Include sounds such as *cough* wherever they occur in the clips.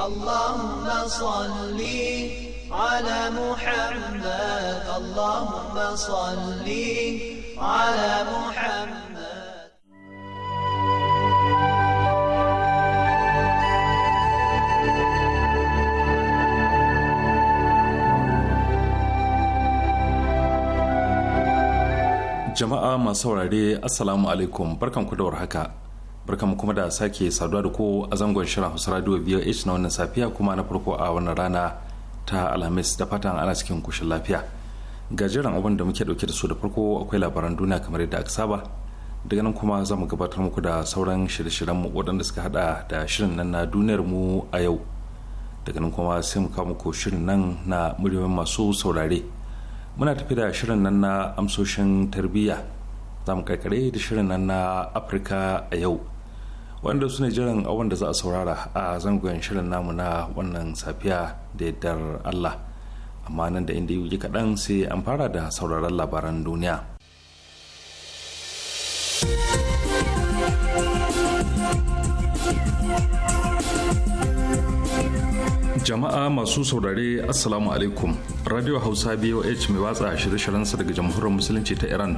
اللهم صل على محمد اللهم صل على محمد jama'a masu saurare assalamu alaikum barkan ku da warhaka barkamu kuma da sake saduwa da ko a zangon shirin hausa radio a na wannan safiya kuma na farko a wannan rana ta alhamis da fatan ana cikin kushin lafiya ga jiran abin da muke dauke da su da farko akwai labaran duniya kamar yadda aka saba daga nan kuma za mu gabatar muku da sauran shirye-shiryen mu waɗanda suka haɗa da shirin nan na duniyar mu a yau daga nan kuma sai mu kawo muku shirin nan na muryoyin masu saurare muna tafi da shirin nan na amsoshin tarbiyya za mu karkare da shirin nan na afirka a yau wanda su ne jiran awon da za a saurara a zangon shirin namu na wannan safiya da yardar Allah amma nan da inda yi kaɗan sai an fara da sauraron labaran duniya jama'a masu saurare assalamu alaikum radio hausa boh mai watsa shirye-shiryensa daga jamhuriyar musulunci ta iran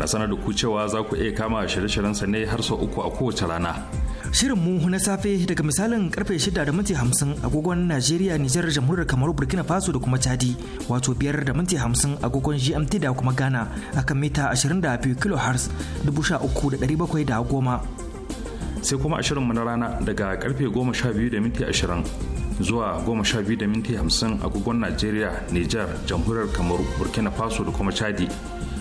na sanar da ku cewa za ku iya kama shirye-shiryen sa ne har sau uku a kowace rana shirin mu na safe daga misalin karfe shida da minti hamsin agogon najeriya nijar jamhuriyar kamaru burkina faso da kuma chadi wato biyar da minti hamsin agogon gmt da kuma ghana akan mita 22 kilohertz 13710 sai kuma a mu na rana daga karfe 12 da minti 20 zuwa 12 da minti 50 agogon Najeriya, Nijar, Jamhuriyar Kamaru, Burkina Faso da kuma Chadi.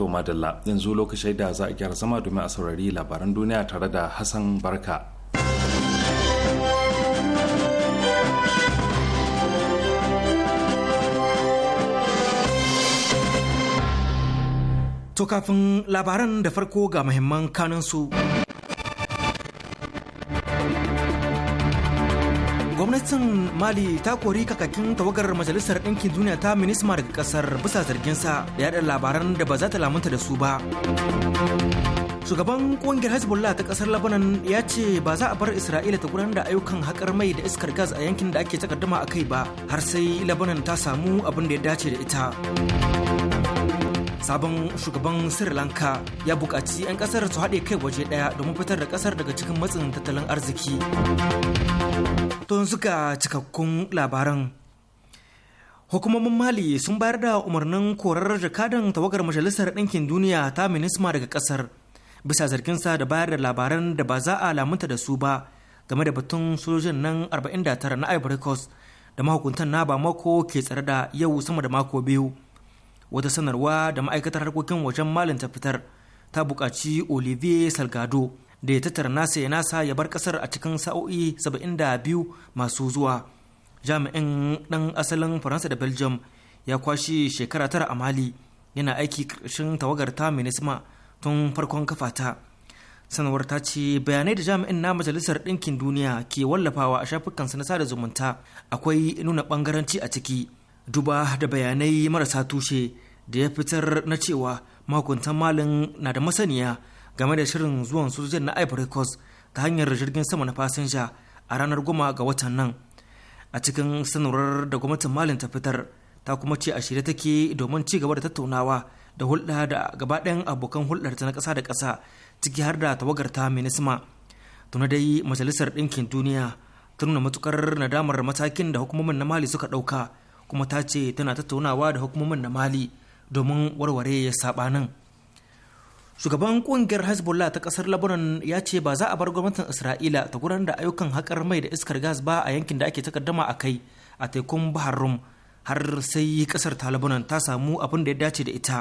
To madalla yanzu lokacin da za a gyara zama domin a saurari labaran duniya tare da Hassan Barka. To kafin labaran da farko ga muhimman kanansu. su. gwamnatin mali ta kori kakakin tawagar majalisar ɗinkin duniya ta minisma daga ƙasar bisa zargin sa da yaɗa labaran da ba za ta lamunta da su ba shugaban ƙungiyar hezbollah ta ƙasar labanan ya ce ba za a bar isra'ila ta gudanar da ayyukan haƙar mai da iskar gas a yankin da ake takaddama a kai ba har sai labanan ta samu abin da ya dace da ita sabon shugaban sri lanka ya buƙaci 'yan ƙasar su haɗe kai waje ɗaya domin fitar da ƙasar daga cikin matsin tattalin arziki to suka cikakkun labaran hukumomin mali sun bayar da umarnin korar jakadan tawagar majalisar ɗinkin duniya ta minisma daga ƙasar bisa zargin sa da bayar da labaran da ba za a lamunta da su ba game da batun sojojin nan 49 na ivory coast da mahukuntan na mako ke tsare da yau sama da mako biyu wata sanarwa da ma'aikatar harkokin wajen malin ta fitar ta buƙaci olivier salgado da ya tattara nasa ya nasa ya bar kasar a cikin sa'o'i 72 masu zuwa jami'in ɗan asalin faransa da belgium ya kwashe shekara tara a mali yana aiki ƙarshen tawagar ta minisma tun farkon kafata sanarwar ta ce bayanai da jami'in na majalisar ɗinkin duniya ke wallafawa a shafukansa na sada zumunta akwai nuna ɓangaranci a ciki duba da bayanai marasa tushe da ya fitar na cewa makuntan malin na da masaniya game da shirin zuwan sojojin na ivory coast ta hanyar jirgin sama na fasinja a ranar goma ga watan nan a cikin sanarwar da gwamnatin malin ta fitar ta kuma ce a shirye take domin ci gaba da tattaunawa da hulɗa da gabaɗayan abokan hulɗar ta na ƙasa da ƙasa ciki har da tawagar ta minisma tuna dai majalisar ɗinkin duniya ta nuna matukar nadamar matakin da hukumomin na mali suka ɗauka kuma ta ce tana tattaunawa da hukumomin na mali domin warware ya sabanin shugaban kungiyar hezbollah ta kasar lebanon ya ce ba za a bar gwamnatin isra'ila ta gudanar da ayyukan haƙar mai da iskar gas ba a yankin da ake takaddama a kai a tekun bahar rum har sai kasar ta lebanon ta samu abin da ya dace da ita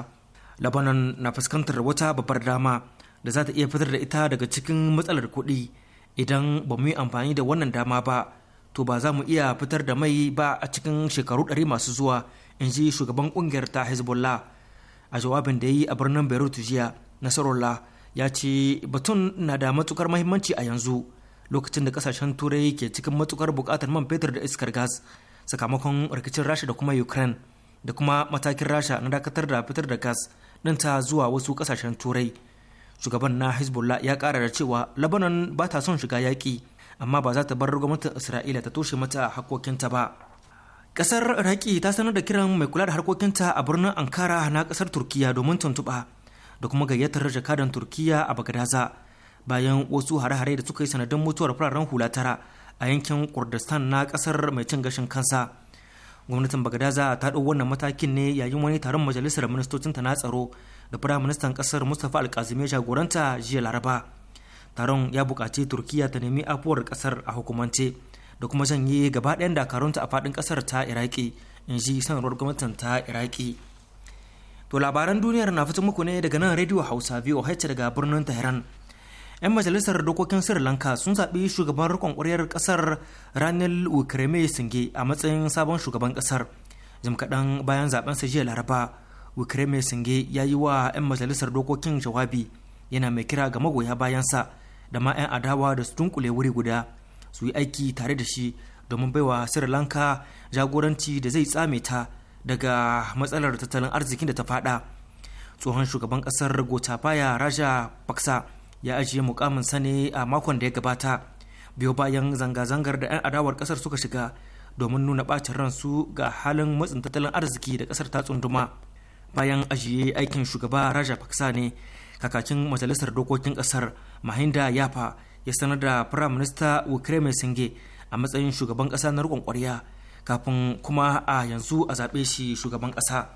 lebanon na fuskantar wata babbar dama da za ta iya fitar da ita daga cikin matsalar kuɗi idan ba mu yi amfani da wannan dama ba to ba za mu iya fitar da mai ba a cikin shekaru ɗari masu zuwa in ji shugaban ƙungiyar ta hezbollah a jawabin da yi a birnin beirut jiya nasarola ya ce batun na da matukar mahimmanci a yanzu lokacin da kasashen turai ke cikin matukar buƙatar man fetur da iskar gas sakamakon rikicin rasha da kuma ukraine da kuma matakin rasha na dakatar da fitar da gas ta zuwa wasu kasashen turai shugaban na hezbollah ya kara da cewa labanan ba ta son shiga yaƙi amma ba za ta bar gwamnatin isra'ila ta toshe mata hakokinta ba kasar iraki ta sanar da kiran mai kula da harkokinta a birnin ankara na kasar turkiya domin tuntuɓa da kuma gayyatar jakadan turkiya a bagadaza bayan wasu hare-hare da suka yi sanadin mutuwar fararen hula tara a yankin kurdistan na kasar mai cin gashin kansa gwamnatin bagadaza ta ɗau wannan matakin ne yayin wani taron majalisar ministocinta na tsaro da firaministan kasar mustapha alkazimi jagoranta jiya laraba taron ya bukaci turkiya ta nemi afuwar ƙasar a hukumance da kuma janye gaba ɗayan dakarunta a faɗin ƙasar ta iraki in ji sanarwar gwamnatin ta iraki to labaran duniyar na fito muku ne daga nan rediyo hausa voh daga birnin tehran 'yan majalisar dokokin sri lanka sun zaɓi shugaban rikon ƙwaryar ƙasar ranil wikreme singe a matsayin sabon shugaban ƙasar jim kaɗan bayan zaben sa jiya laraba wikreme singe ya yi wa 'yan majalisar dokokin jawabi yana mai kira ga magoya bayansa da ma 'yan adawa da su dunkule wuri guda su yi aiki tare da shi domin baiwa sri lanka jagoranci da zai tsame ta daga matsalar tattalin arzikin da ta fada tsohon shugaban kasar gotabaya raja paksa ya ajiye mukamin sane a makon da ya gabata biyo bayan zanga-zangar da 'yan adawar kasar suka shiga domin nuna bacin ransu ga halin matsin tattalin arziki da kasar ta tsunduma bayan ajiye aikin shugaba raja paksa ne kakakin majalisar dokokin kasar mahinda yafa ya sanar da firayim minista mai singe a matsayin shugaban kasa na rikon kwarya kafin kuma a yanzu a zaɓe shi shugaban kasa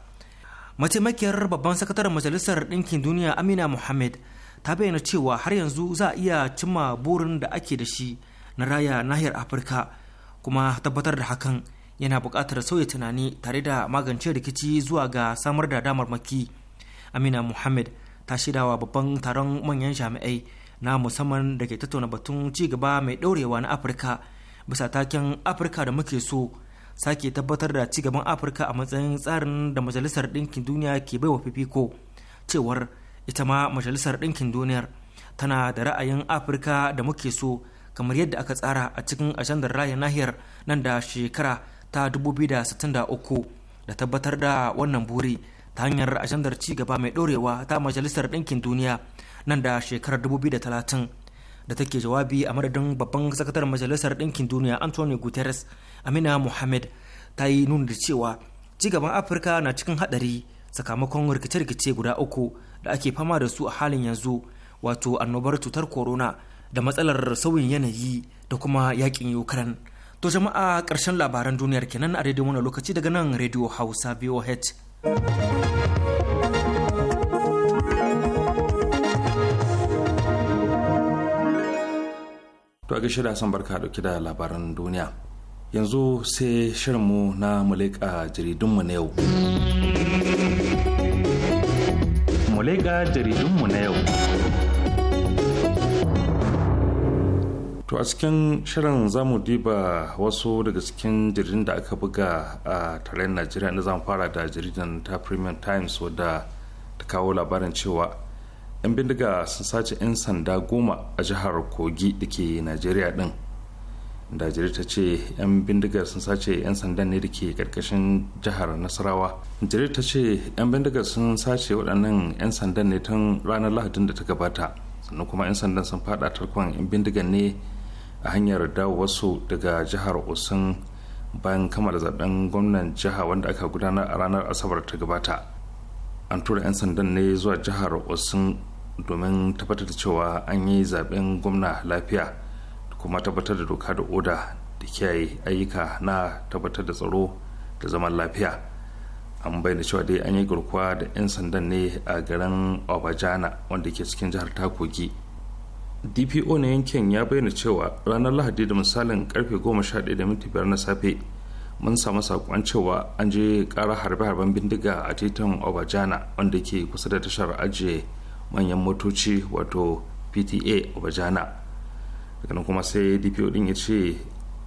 mataimakiyar babban sakataren majalisar ɗinkin duniya amina muhammad ta bayyana cewa har yanzu za a iya cimma burin da ake da shi na raya nahiyar afirka kuma tabbatar da hakan yana buƙatar sauya tunani tare da magance rikici zuwa ga samar da damarmaki amina muhammad ta wa babban taron manyan jami'ai na musamman da ke tattauna batun ci gaba mai ɗorewa na afirka bisa taken afirka da muke so sake tabbatar da ci gaban afirka a matsayin tsarin da majalisar ɗinkin duniya ke baiwa fifiko cewar ita ma majalisar ɗinkin duniyar tana da ra'ayin afirka da muke so kamar yadda aka tsara a cikin ajandar raya nahiyar nan da shekara ta 2063 da tabbatar da wannan buri ta hanyar ajandar ci gaba mai ɗorewa ta majalisar ɗinkin duniya nan da shekarar 2030 da take jawabi a madadin babban sakataren majalisar ɗinkin duniya antonio guterres amina mohammed ta yi nuna da cewa ci gaban afirka na cikin haɗari sakamakon rikice-rikice guda uku da ake fama da su a halin yanzu wato annobar cutar corona da matsalar sauyin yanayi da kuma yakin yukran to jama'a ƙarshen labaran duniyar kenan a rediyo wani lokaci daga nan rediyo hausa voh to a gaishe shirya san barka dauke da labaran duniya yanzu sai shirin mu na muleka jaridunmu na yau muleka jaridunmu na yau to a cikin shirin za mu diba wasu daga cikin jaridun da aka buga a tarayyar najeriya na zan fara da jaridan ta premium times wadda ta kawo labarin cewa 'yan bindiga sun sace 'yan sanda goma a jihar kogi da ke najeriya din da ta ce 'yan bindigar sun sace 'yan sandan ne da ke karkashin jihar nasarawa jiri ta ce 'yan bindigar sun sace waɗannan 'yan sandan ne tun ranar lahadin da ta gabata sannan kuma 'yan sandan sun fada tarkon 'yan bindigar ne a hanyar dawo wasu daga jihar osun bayan kammala zaben gwamnan jiha wanda aka gudanar a ranar asabar ta gabata an tura 'yan sandan ne zuwa jihar osun domin tabbatar da cewa an yi zaben gwamna lafiya kuma tabbatar da doka da oda da kiyaye ayyuka na tabbatar da tsaro da zaman lafiya an bayyana cewa dai an yi garkuwa da 'yan sandan ne a garin obajana wanda ke cikin jihar takogi dpo na yankin ya bayyana cewa ranar lahadi da misalin karfe 11:05 na safe mun samu sakon cewa an je kara harbe-harben bindiga a titin obajana wanda ke kusa da tashar ajiye manyan motoci wato pta a bajana daga nan kuma sai dpo din ya ce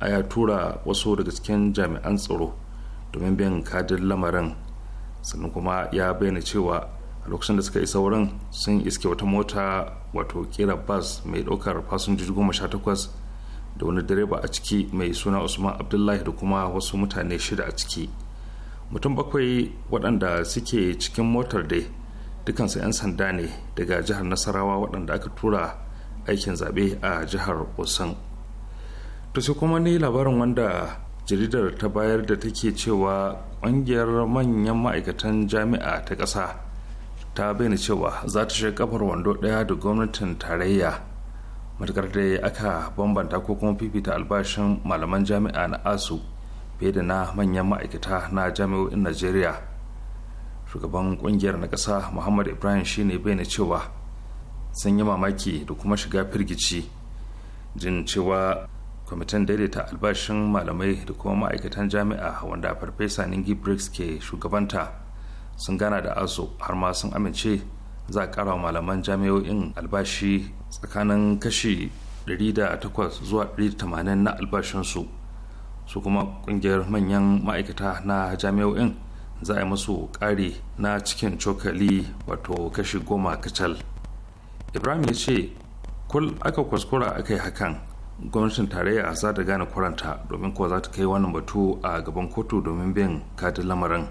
a ya tura wasu daga cikin jami'an tsaro domin bin kadin lamarin sannan kuma ya bayyana cewa a lokacin da suka isa wurin sun iske wata mota wato kera bas mai ɗaukar fasinjoji goma sha takwas da wani direba a ciki mai suna usman abdullahi da kuma wasu mutane shida a ciki mutum bakwai waɗanda suke cikin motar dai dukansu 'yan sanda ne daga jihar nasarawa waɗanda aka tura aikin zaɓe a jihar osun to sai kuma ne labarin wanda jaridar ta bayar da take cewa ƙungiyar manyan ma'aikatan jami'a ta ƙasa ta bayyana cewa za ta shiga ƙafar wando ɗaya da gwamnatin tarayya matakar da aka bambanta ko kuma fifita albashin malaman jami'a na asu fiye da na manyan ma'aikata na jami'o'in najeriya shugaban kungiyar na ƙasa muhammad ibrahim shine bayyana cewa sun yi mamaki da kuma shiga firgici jin cewa kwamitin daidaita albashin malamai da kuma ma'aikatan jami'a wanda farfesa ningi briggs ke shugabanta sun gana da aso har ma sun amince za a kara malaman jami'o'in albashi tsakanin kashi 108 zuwa 180 na albashinsu su kuma kungiyar manyan ma'aikata na jami'o'in za a yi musu ƙari na cikin cokali wato kashi goma kacal ibrahim ya ce kul aka kuskura aka yi hakan gwamnatin tarayya za ta gane kwaranta domin kuwa za ta kai wannan batu a gaban kotu domin bin katin lamarin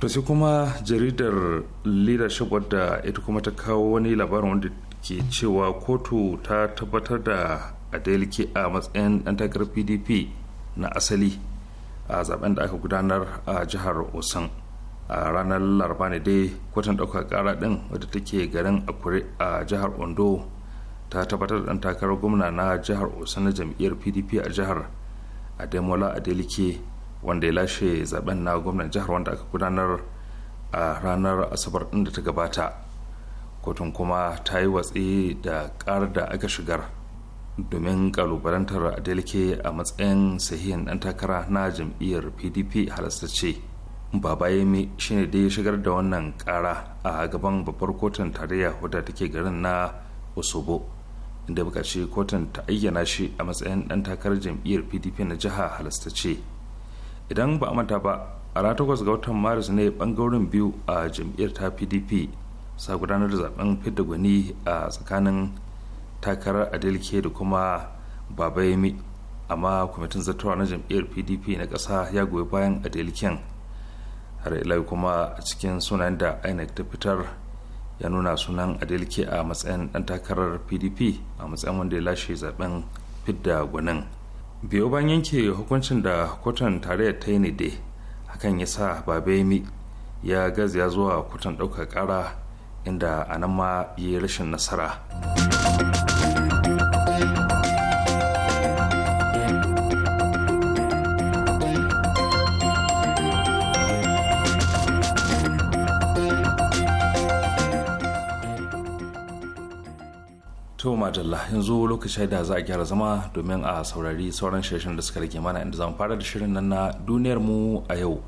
to sai kuma jaridar leadership wadda ita kuma ta kawo wani labarin wanda ke cewa kotu ta tabbatar da adaliki a matsayin yan takarar pdp na asali a zaben da aka gudanar a jihar osun a ranar laraba ne dai kwatan ɗaukar ƙara ɗin wadda take garin akure a jihar ondo ta tabbatar da takarar gwamna na jihar osun na jam'iyyar pdp a jihar ademola adelike wanda ya lashe zaben na gwamnan jihar wanda aka gudanar a ranar asabar ɗin da ta gabata kotun kuma ta yi watsi da ƙarar da aka shigar domin kalubalantar adelke a matsayin sahihin dan takara na jam'iyyar pdp halastacce mi shine dai shigar da wannan kara a gaban babbar kotun tarayya wadda take garin na osobo inda bukaci kotun ta ayyana shi a matsayin dan takarar jam'iyyar pdp na jiha halastace idan ba a manta ba a ranar takwas ga watan maris ne bangaren biyu a jam'iyyar ta pdp sa gudanar da zaben fidda gwani a tsakanin takarar adilke da kuma babayemi amma kwamitin zartawa na jam'iyyar pdp na ƙasa ya goyi bayan adilken har ila kuma a cikin sunayen da inec ta fitar ya nuna sunan adilke a matsayin ɗan takarar pdp a matsayin wanda ya lashe zaben fidda gwanin biyo bayan yanke hukuncin da kotun tarayyar ta yi dai hakan ya sa babayemi ya gaza zuwa kotun ɗaukar ƙara inda a nan ma yi rashin nasara. to majalla yanzu lokaci da za a gyara zama domin a saurari sauran shirin da suka rage mana inda zamu fara da shirin nan na duniyar mu a yau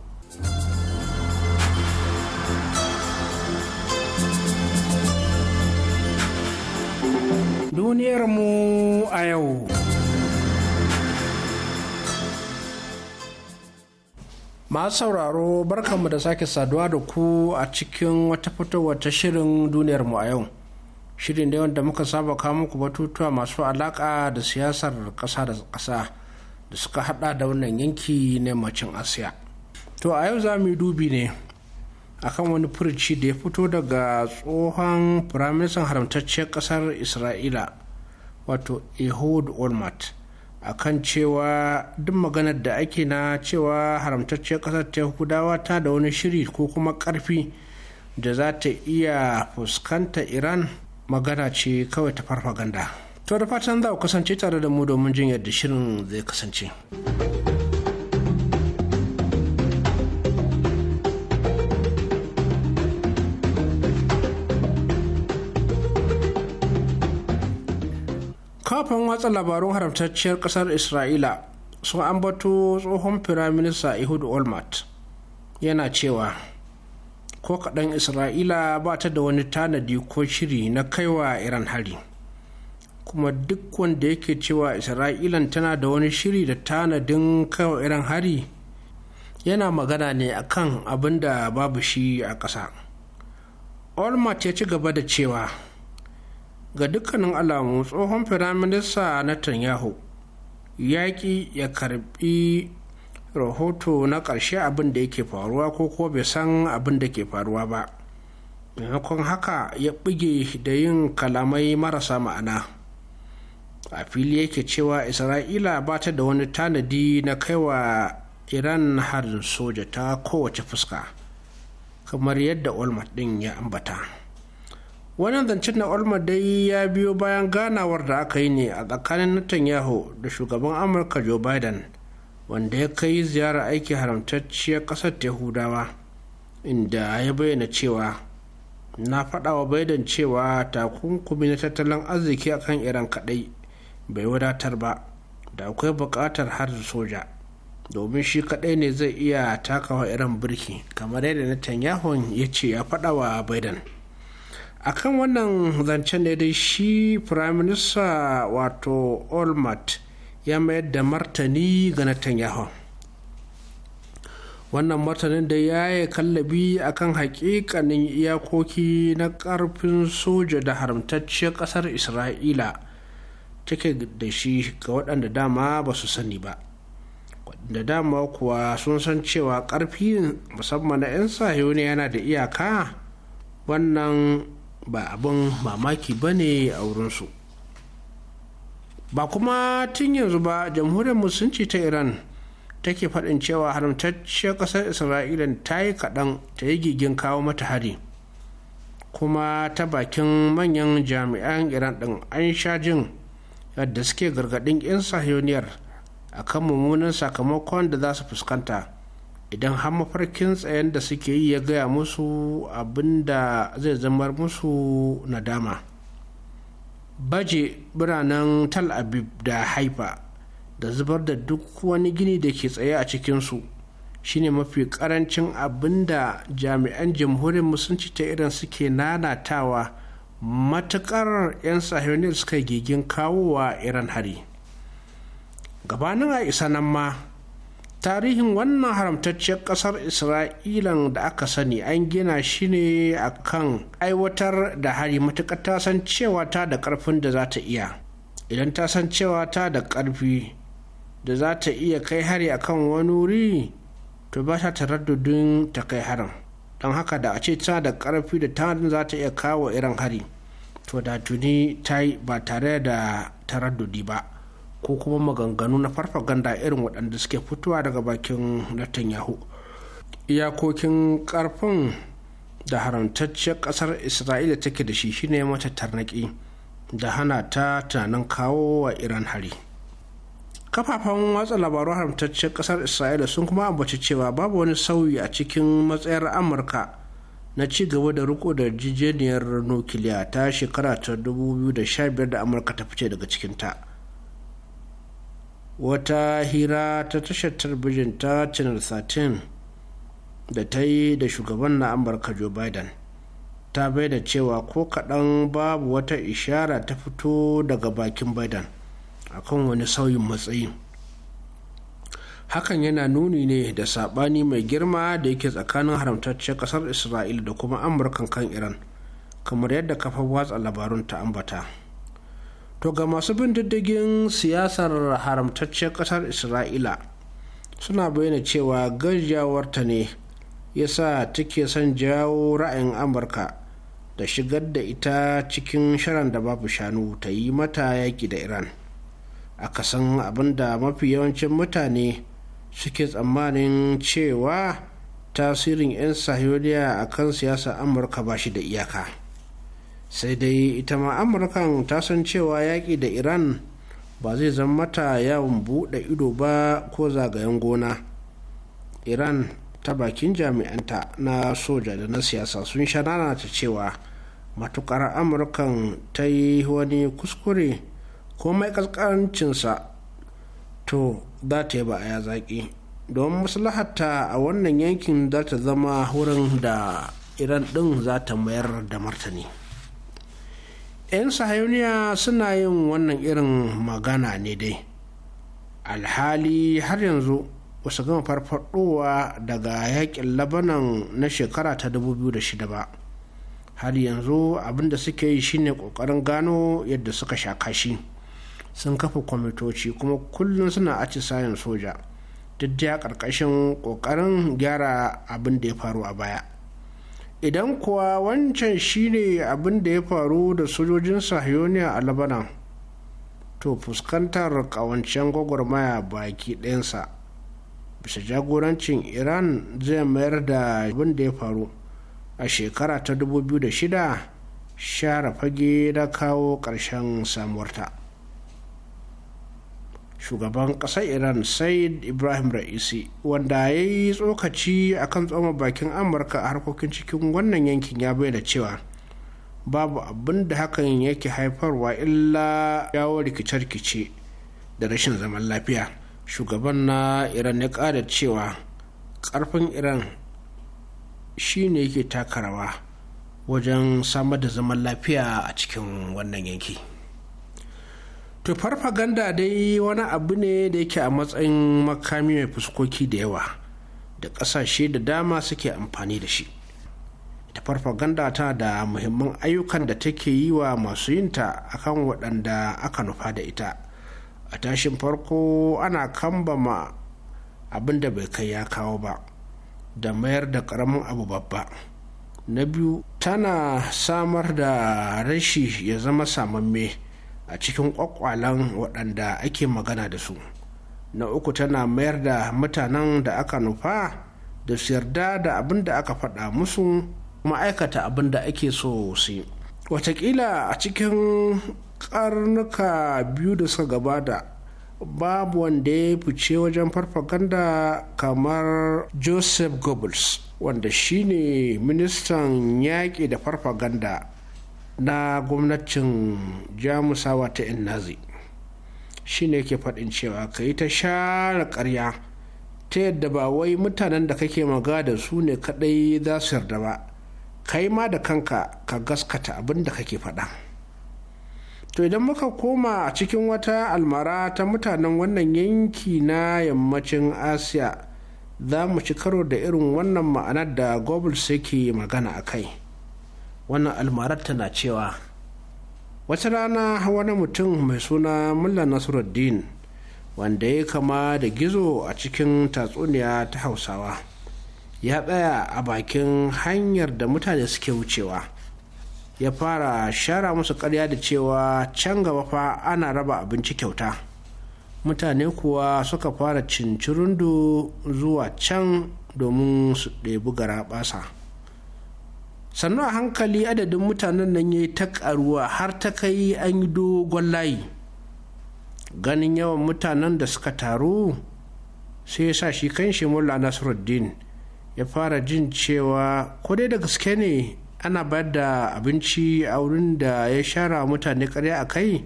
duniyar mu a yau masu sauraro barkanmu da sake saduwa da ku a cikin wata fitowar ta shirin duniyar mu a yau shirin da wanda muka saba kawo muku batutuwa masu alaka da siyasar ƙasa da ƙasa da suka hada da wannan yanki na yammacin asiya to a yau za mu yi dubi ne akan wani furci da ya fito daga tsohon firaministan haramtacciyar kasar isra'ila wato ehud olmert akan cewa duk maganar da ake na cewa haramtacciyar kasar ta yahudawa ta da wani shiri ko kuma karfi da za ta iya fuskanta iran magana ce kawai ta farfaganda. To da fatan za ku kasance tare da mu domin jin yadda shirin zai kasance. Kafin watsa labarun haramtacciyar ƙasar Isra'ila sun ambato tsohon firaminista Ehud Olmert yana cewa ko kaɗan isra'ila ba ta da wani tanadi ko shiri na kaiwa iran hari kuma duk wanda yake cewa isra'ilan tana da wani shiri da tanadin kaiwa iran hari yana magana ne akan abin da babu shi a ƙasa Olmat ya ci gaba da cewa ga dukkanin alamu tsohon firaminista Tanyahu yaƙi ya karbi rahoto na ƙarshe abin da yake faruwa ko ko bai san abin da ke faruwa ba maimakon haka ya buge da yin kalamai marasa ma'ana a fili yake cewa isra'ila ba ta da wani tanadi na kaiwa iran harin soja ta kowace fuska kamar yadda olmert din ya ambata wannan zancen na olmert dai ya biyo bayan ganawar da aka yi ne a tsakanin netanyahu da shugaban amurka joe biden wanda ya kai ziyara aiki haramtacciyar ƙasar yahudawa inda ya bayyana cewa na faɗa wa baidan cewa takunkumi na tattalin arziki akan iran kaɗai bai wadatar ba da akwai buƙatar har soja domin shi kaɗai ne zai iya takawa iran birki kamar yadda netanyahu ya ce ya faɗa wa baidan akan wannan zancen ne dai shi firaminista wato olmert ya mayar da martani ga Netanyahu. Wannan martanin da ya yi kallabi a kan hakikanin iyakoki na karfin soja da haramtacciyar kasar Isra'ila take da shi ga waɗanda dama ba su sani ba. Da dama kuwa sun san cewa ƙarfi musamman na 'yan ne yana da iyaka wannan ba abin mamaki ba ne a wurinsu. ba kuma tun yanzu ba jamhuriyar musulunci ta iran take faɗin cewa haramtacciyar ƙasar isra'ila ta yi kaɗan ta yi gigin kawo mata hari kuma ta bakin manyan jami'an iran ɗin an sha jin yadda suke gargaɗin 'yan sahiyoniyar a kan mummunan sakamakon da za su fuskanta idan har mafarkin tsayen da suke yi ya gaya musu abin da zai zamar musu nadama. baje biranen Tal Abib da Haifa da zubar da duk wani gini da ke tsaye a cikinsu shine mafi karancin abin da jami'an jamhuriyar musulunci ta irin suke nanatawa matukar 'yan sahiyoniyar suka gigin kawowa irin hari gabanin a isa nan ma tarihin wannan haramtacciyar ƙasar isra'ilan da aka sani an gina shi ne a kan aiwatar da hari matuƙar ta san cewa ta da ƙarfin da za ta iya idan ta san cewa ta da ƙarfi da za ta iya kai hari a kan wani wuri to ba ta taraddudin ta kai harin don haka da a ce ta da ƙarfi da tarin za ta iya kawo irin hari to da tuni ta yi ba tare da taraddudi ba ko kuma maganganu na farfaganda irin waɗanda suke fitowa daga bakin Netanyahu. Iyakokin ƙarfin da haramtacciyar ƙasar Isra'ila take da shi shine mata tarnaki da hana ta tunanin kawo wa Iran hari. Kafafen watsa labaru haramtacciyar ƙasar Isra'ila sun kuma ambaci cewa babu wani sauyi a cikin matsayar Amurka na ci gaba da riko da jijeniyar nukiliya ta shekara ta 2015 da Amurka ta fice daga cikinta. ta. wata hira ta tashar talabijin ta channel 13 da ta yi da shugaban na amurka joe biden ta da cewa ko kaɗan babu wata ishara ta fito daga bakin biden akan wani sauyin matsayi hakan yana nuni ne da saɓani mai girma da yake tsakanin haramtaccen ƙasar isra'ila da kuma amurkan kan iran kamar yadda kafar watsa labarun ta ambata. to ga masu bin diddigin siyasar haramtacciyar kasar isra'ila suna bayyana cewa ta ne ya yasa take son jawo ra'ayin amurka da shigar da ita cikin shirin da babu shanu ta yi mata yaƙi da iran kasan abin da mafi yawancin mutane suke tsammanin cewa tasirin 'yan sahiyoniya a kan siyasar amurka ba shi da iyaka sai dai ita ma amurkan ta san cewa yaƙi da iran ba zai zama mata yawon buɗe ido ba ko zagayen gona iran ta bakin jami'anta na soja da na siyasa sun shanana ta cewa matukar amurkan ta yi wani kuskure ko mai ƙasƙancinsa to za ta yi ba a ya zaƙi don maslahata a wannan yankin za ta zama wurin da iran ɗin za ta mayar da martani. 'yan sahayuniya suna yin wannan irin magana ne dai alhali har yanzu wasu gama farfadowa daga yakin labanan na shekara ta 2006 ba har yanzu abinda suke yi shine kokarin gano yadda suka sha kashi sun kafa kwamitoci kuma kullum suna atisayen soja duk da karkashin kokarin gyara abin da ya faru a baya idan kuwa wancan shine abin da ya faru da sojojin sahiyoniya a labanan to fuskantar kawancen gwagwarmaya baki ɗayansa bisa jagorancin iran zai mayar da abin da ya faru a shekara ta 2006 share fage da kawo ƙarshen samuwarta. shugaban ƙasar iran said ibrahim ra'isi wanda ya yi tsokaci a kan tsoma bakin amurka a harkokin cikin wannan yankin ya bayyana cewa babu abin da hakan yake haifarwa illa yawo rikice-rikice da rashin zaman lafiya shugaban na iran ya ƙara cewa ƙarfin iran shi ne yake taka rawa wajen samar da zaman lafiya a cikin wannan yanki. to farfaganda dai wani abu ne da yake a matsayin makami mai fuskoki da yawa da ƙasashe da dama suke amfani da shi ta farfaganda tana da muhimman ayyukan da take yi wa masu yinta akan waɗanda aka nufa da ita a tashin farko ana kambama abin da bai kai ya kawo ba da mayar da ƙaramin abu babba na biyu tana samar da rashi ya zama samamme. a cikin kwakwalan waɗanda ake magana da su na uku tana mayar da mutanen da aka nufa da su yarda da abin da aka faɗa musu kuma aikata abin da ake so su watakila a cikin karnuka biyu da suka gabata babu wanda ya fice wajen farfaganda kamar joseph goebbels wanda shine ministan yaƙi da farfaganda na gwamnatin jamusawa ta yan nazi shine ke faɗin cewa ka yi ta share karya ta yadda ba wai mutanen da kake maga da su ne kaɗai za su yarda ba kai ma da kanka ka gaskata abin da kake faɗa to idan muka koma a cikin wata almara ta mutanen wannan yanki na yammacin asiya za mu ci karo da irin wannan ma'anar da gobles yake magana a kai wannan almarar tana cewa wata rana wani mutum mai suna mulla nasiruddin wanda ya kama da gizo a cikin tatsuniya ta hausawa ya tsaya a bakin hanyar da mutane suke wucewa ya fara shara musu karya da cewa can gaba fa ana raba abinci kyauta mutane kuwa suka fara cincirundu zuwa can domin su ɗebi garaɓasa. sannu a hankali adadin mutanen nan yayi yi ta karuwa har ta kai an yi dogon layi ganin yawan mutanen da suka taru sai ya sa shi kan shi mulla nasiruddin ya fara jin cewa ko dai da gaske ne ana bayar da abinci a wurin da ya shara mutane karya a kai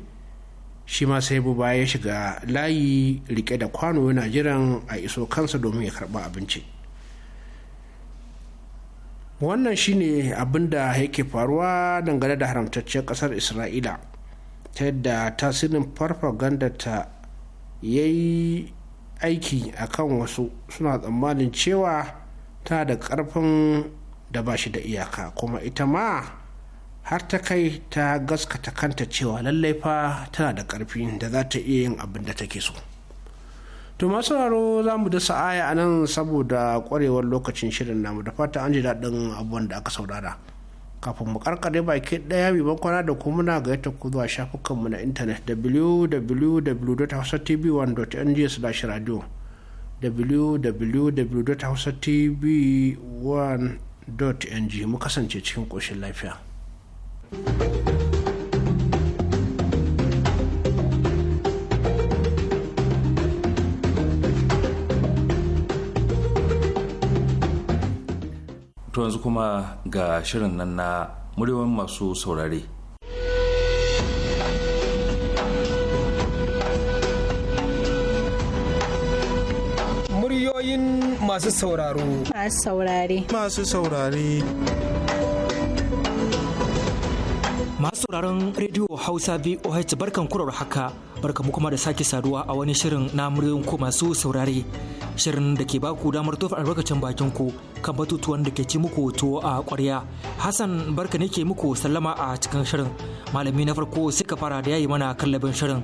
shi ma sai buba ya shiga layi rike da kwano yana jiran a iso kansa domin ya karba abinci wannan shine abin da yake faruwa dangane da haramtacciyar kasar isra'ila ta yadda tasirin farfaganda ta ya yi aiki a kan wasu suna tsammanin cewa ta da karfin da ba shi da iyaka kuma ita ma har ta kai ta gaskata kanta cewa lallai fa tana da karfi da za ta iya yin abin da take so. To masu sauraro za mu dasa aya a nan saboda kwarewar lokacin shirin namu da fata an ji daɗin abubuwan da aka saurara. Kafin mu karkare baki ɗaya mai bankwana da kuma muna ga yadda ku zuwa shafukanmu na intanet www.hausatv1.ng/radio www.hausatv1.ng mu kasance cikin koshin lafiya. thank you to yanzu kuma ga shirin nan na muryoyin masu saurare muryoyin masu sauraro masu saurare masu saurare masu sauraron rediyo hausa voh barkan kurar haka barka mu kuma da sake saduwa a wani shirin na muryoyin ku masu saurare shirin da ke baku damar tofa albarkacin bakin ku kan batutuwan da ke ci muku to a kwarya hassan barka ne ke muku sallama a cikin shirin malami na farko suka fara da yayi mana kallabin shirin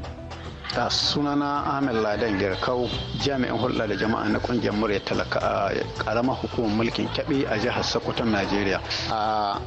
a sunana ahmed laden girkau jami'in hulɗa da jama'a na ƙungiyar murya talaka a ƙaramar hukumar mulkin kyaɓe a jihar sokoto najeriya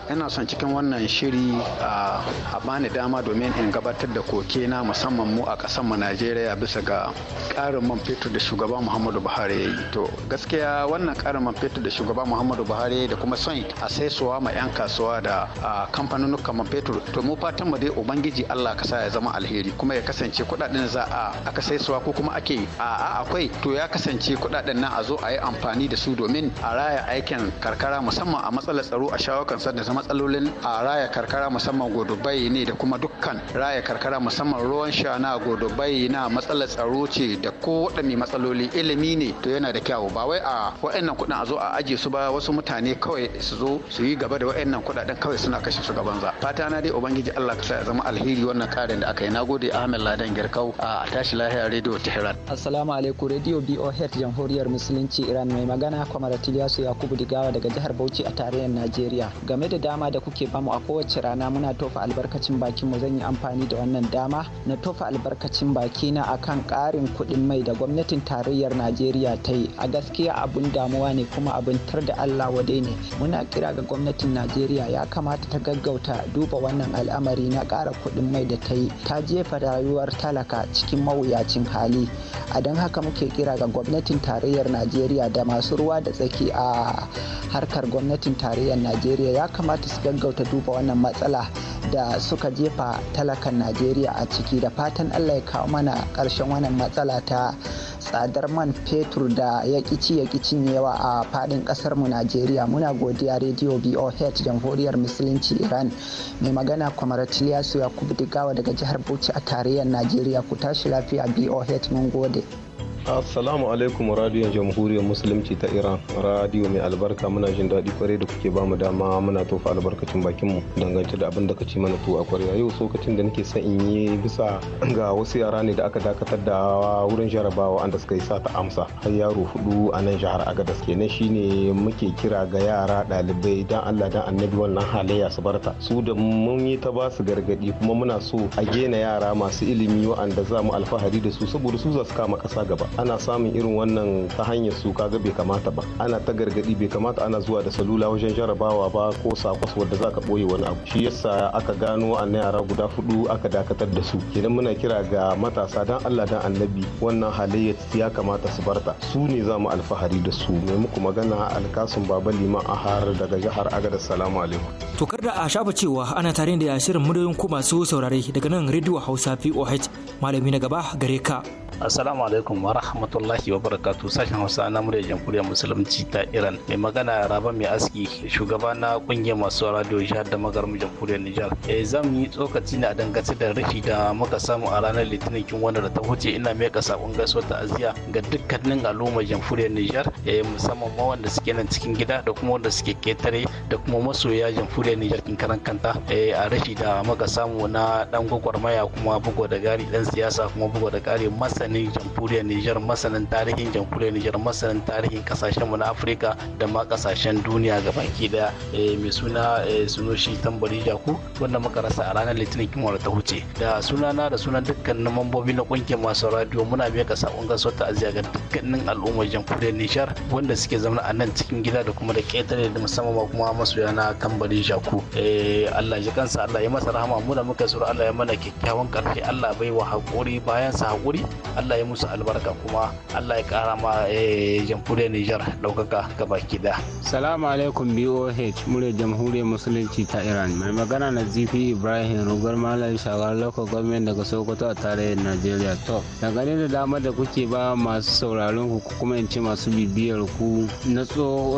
ina son cikin wannan shiri a bani dama domin in gabatar da koke na musamman mu a ƙasar mu najeriya bisa ga ƙarin man fetur da shugaba muhammadu buhari ya yi to gaskiya wannan ƙarin man fetur da shugaba muhammadu buhari ya yi da kuma son a saisuwa ma 'yan kasuwa da kamfanonukan man fetur to mu fatan mu dai ubangiji allah ka sa ya zama alheri kuma ya kasance kuɗaɗen za a aka saisuwa ko kuma ake a akwai to ya kasance kuɗaɗen nan a zo a yi amfani da su domin a raya aikin karkara musamman a matsalar tsaro a shawo kansa da matsalolin a raya karkara musamman godobai ne da kuma dukkan raya karkara musamman ruwan sha na godobai na matsalar tsaro ce da ko waɗanne matsaloli ilimi ne to yana da kyau. ba wai a wa'annan kuɗin a zo a aje su ba wasu mutane kawai su zo su yi gaba da wa'annan kudaden kawai suna kashe su gaban za fata na dai ubangiji Allah ka sa ya zama alheri wannan ƙarin da aka yi nagode Ahmed Ladan Girkau a tashi lahiya radio tehran assalamu alaikum radio boh jamhuriyar musulunci iran mai magana kwamar tiliyasu yakubu digawa daga jihar bauchi a tarayyar najeriya game da dama da kuke bamu a kowace rana muna tofa albarkacin bakin mu zan yi amfani da wannan dama na tofa albarkacin baki na akan karin kuɗin mai da gwamnatin tarayyar najeriya ta yi a gaskiya abun damuwa ne kuma abin tar da allah wadai ne muna kira ga gwamnatin najeriya ya kamata ta gaggauta duba wannan al'amari na ƙara kuɗin mai da ta yi ta jefa rayuwar talaka cikin mawuyacin hali a don haka muke kira ga gwamnatin tarayyar najeriya da masu ruwa da tsaki a harkar gwamnatin tarayyar najeriya ya kamata su gaggauta duba wannan matsala da suka jefa talakan najeriya a ciki da fatan allah ya kawo mana karshen wannan matsala ta tsadar man fetur da ya kici ya kicin yawa a fadin kasar mu Najeriya muna godiya rediyo BOH jamhuriyar musulunci Iran mai magana kwamaratil Yasu Yakubu Digawa daga jihar Bauchi a tarayyar Najeriya ku tashi lafiya BOH mun gode. Assalamu alaikum radiyon jamhuriyar musulunci ta Iran. Radiyo mai albarka muna jin daɗi kwarai da kuke bamu dama muna tofa albarkacin bakinmu dangance da abin da ka ci mana to a kwarya yau sokacin da nake san in yi bisa ga wasu yara ne da aka dakatar da wurin jarabawa anda suka yi sa ta amsa har yaro hudu a nan jihar Agadas kenan shine muke kira ga yara ɗalibai dan Allah dan annabi wannan halayya su barta su da mun yi ta ba su gargadi kuma muna so a gena yara masu ilimi wa'anda za mu alfahari da su saboda su za su kama ƙasa gaba. ana samun irin wannan ta hanyar su ga bai kamata ba ana ta gargadi bai kamata ana zuwa da salula wajen jarabawa ba ko sakwas wadda za ka ɓoye wani abu shi yasa aka gano a na yara guda hudu aka dakatar da su idan muna kira ga matasa dan Allah dan annabi wannan halayyar ya kamata su barta su ne za mu alfahari da su mai muku magana alkasun baba liman ahar daga jihar agada salamu alaikum to da a shafa cewa ana tare da shirin muryoyin ku masu saurare daga nan rediyo hausa voh malami na gaba gare ka Assalamu alaikum wa rahmatullahi wa barakatu sashen Hausa na murya Jamhuriyar Musulunci ta Iran. Mai magana Raba Mai Aski shugaba na kungiyar masu radio jihar da magarmu Jamhuriyar Nijar. Eh zan yi tsokaci ne a dangance da rashi da muka samu a ranar Litinin kin da ta huce ina mai sakon gaisuwa ta aziya ga dukkanin al'umma Jamhuriyar Nijar eh musamman ma wanda suke nan cikin gida da kuma wanda suke ketare da kuma masoya Jamhuriyar Nijar kin karan kanta eh a rashi da muka samu na dan gwagwarmaya kuma bugo da gari dan siyasa kuma bugo da gari masa masanin jamhuriyar Nijar masanin tarihin jamhuriyar Nijar masanin tarihin kasashen mu na Afirka da ma kasashen duniya gabaki da eh, mai suna eh, Sunoshi Tambari Jaku wanda muka rasa a ranar Litinin Kimar ta huce da sunana da sunan dukkanin mambobi na kungiyar masu radio muna ka sakon ta ta'aziyya ga dukkanin al'ummar jamhuriyar Nijar wanda suke zama a nan cikin gida da kuma da ƙetare da musamman kuma masu yana Tambari Jaku eh, Allah ji kansa Allah ya masa rahama mu da muka sura Allah ya mana kyakkyawan karfi Allah bai wa haƙuri bayan sa haƙuri Allah ya musu albarka kuma Allah ya kara ma eh, jamhuriyar Nijar ɗaukaka gaba da. Salamu alaikum BOH murya jamhuriyar musulunci ta Iran mai magana na ZP Ibrahim rugar malam shagar local government daga Sokoto a tarayyar Najeriya to dangane da damar da kuke ba masu sauraron ku kuma in ce masu bibiyar ku na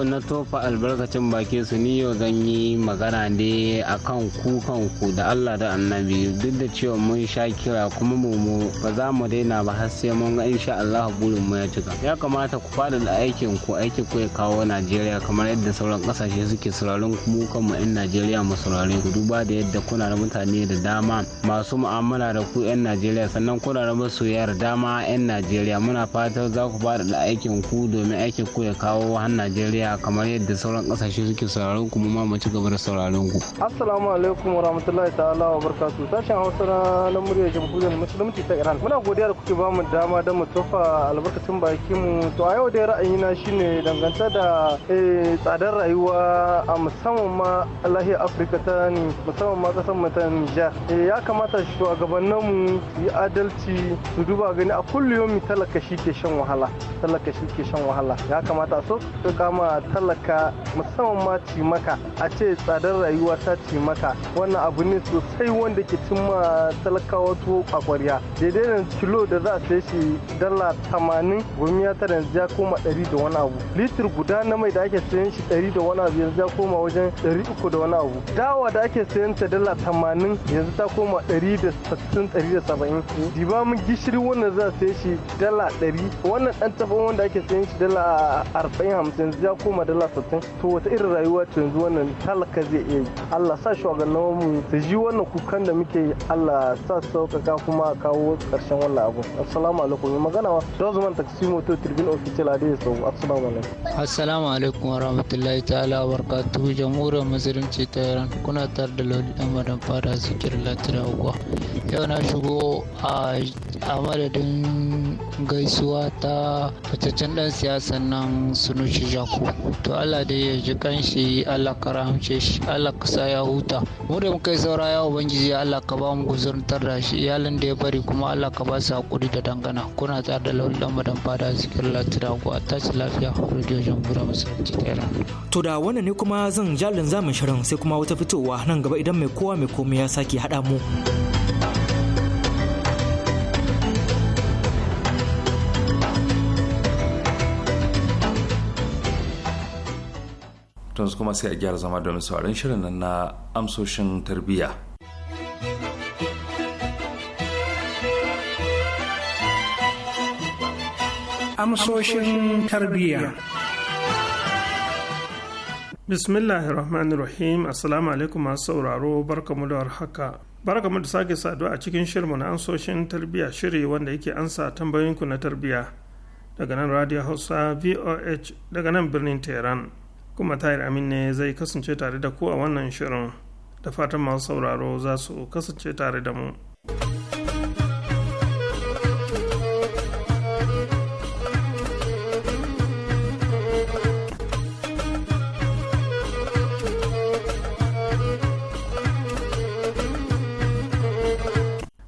na tofa albarkacin bakin su ni yau zan yi magana ne akan kukan ku da Allah da Annabi duk da cewa mun sha kira kuma mu ba za mu daina ba har sai mun ga insha Allah burin mu ya cika ya kamata ku fada da aikin ku aiki ku ya kawo Najeriya kamar yadda sauran kasashe suke sauraron mu kanmu 'yan Najeriya mu saurare ku duba da yadda kuna da mutane da dama masu mu'amala da ku 'yan Najeriya sannan kuna da masoya da dama 'yan Najeriya muna fatan za ku fada da aikin ku domin aiki ku ya kawo har Najeriya kamar yadda sauran kasashe suke sauraron ku mu ma mu ci gaba da sauraron ku assalamu alaikum warahmatullahi ta'ala wa barakatuh sashen Hausa na muryar jamhuriyar musulunci ta Iran muna godiya da kuke ba samu dama da mu tofa albarkacin bakin mu to a yau dai ra'ayina shine dangance da eh, tsadar rayuwa a musamman ma lahiyar afirka ta ne musamman ma kasar mu ta nijar eh, ya kamata shugabannin mu yi adalci su duba gani a kulliyomi talaka shi ke shan wahala talaka shi ke shan wahala ya kamata so su kama talaka musamman ma cimaka a ce tsadar rayuwa ta cimaka wannan abu ne sosai wanda ke cimma talakawa to a kwariya daidai da kilo da za a sai shi dala tamanin ya tara yanzu ya koma ɗari da wani abu litir guda na mai da ake sayan shi ɗari da wani abu yanzu ya koma wajen ɗari uku da wani abu dawa da ake sayan ta dala tamanin yanzu ta koma ɗari da sassin ɗari da saba'in diba mun gishiri wannan za a sayan shi dala ɗari wannan ɗan tafan wanda ake sayan shi dala arba'in hamsin yanzu ya koma dala sassin to wata irin rayuwa ce yanzu wannan talaka zai iya yi Allah sa mu ta ji wannan kukan da muke yi Allah sa sauƙaƙa kuma kawo ƙarshen wannan abu assalamu alaikum yi magana dozuman taksi moto tribune official adiyar sau assalamu alaikum assalamu alaikum wa rahmatullahi ta'ala wa barakatuhu jamhuriyar musulunci ta iran kuna tar da lori dan madan fada zikir latira uwa yau na shigo a madadin gaisuwa ta fitaccen dan siyasan nan sunushi jako to allah da ya ji kanshi allah ka rahamce shi allah ka sa ya huta mu da muka yi saura ya ubangiji allah ka ba mu guzurtar da shi iyalin da ya bari kuma allah ka ba su hakuri da dangana kuna tsar da dan madan fada zikirin latira ko a tashi lafiya radio jamhuriyar musulunci ta iran. to da wannan ne kuma zan jalin zamin shirin sai kuma wata fitowa nan gaba idan mai kowa mai komai ya sake haɗa mu. tun kuma sai a gyara zama domin sauran shirin nan na amsoshin tarbiyya. Amsoshin tarbiyya. Bismillahir Rahmanir Rahim Assalamu alaikum masu sauraro barkamu da warhaka. Barkamu da sake saduwa a cikin shirmu na amsoshin tarbiyya shiri wanda yake ansa tambayoyinku na tarbiyya daga nan Radio Hausa VOH daga nan birnin Tehran. kuma tahir amin ne zai kasance tare da ku a wannan shirin da fatan masu sauraro za su kasance tare da mu